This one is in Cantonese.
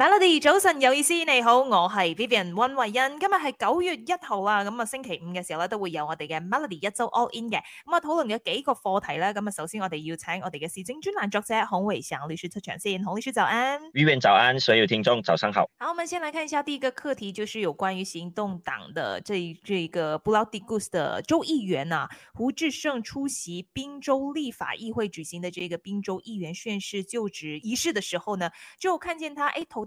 Melody，早晨有意思，你好，我係 Vivian 溫慧欣。今日係九月一號啊，咁啊星期五嘅時候咧，都會有我哋嘅 Melody 一周 All In 嘅，咁啊討論嘅幾個課題啦。咁啊首先我哋要請我哋嘅市政專欄作者孔維祥律師出場先，孔律師早安。Vivian 早安，所有聽眾早上好。好，我們先來看一下第一個課題，就是有關於行動黨的這這個 Bloody Goose 的州議員啊，胡志勝出席檳州立法議會舉行的這個檳州議員宣誓就職儀式的時候呢，就看見他誒頭。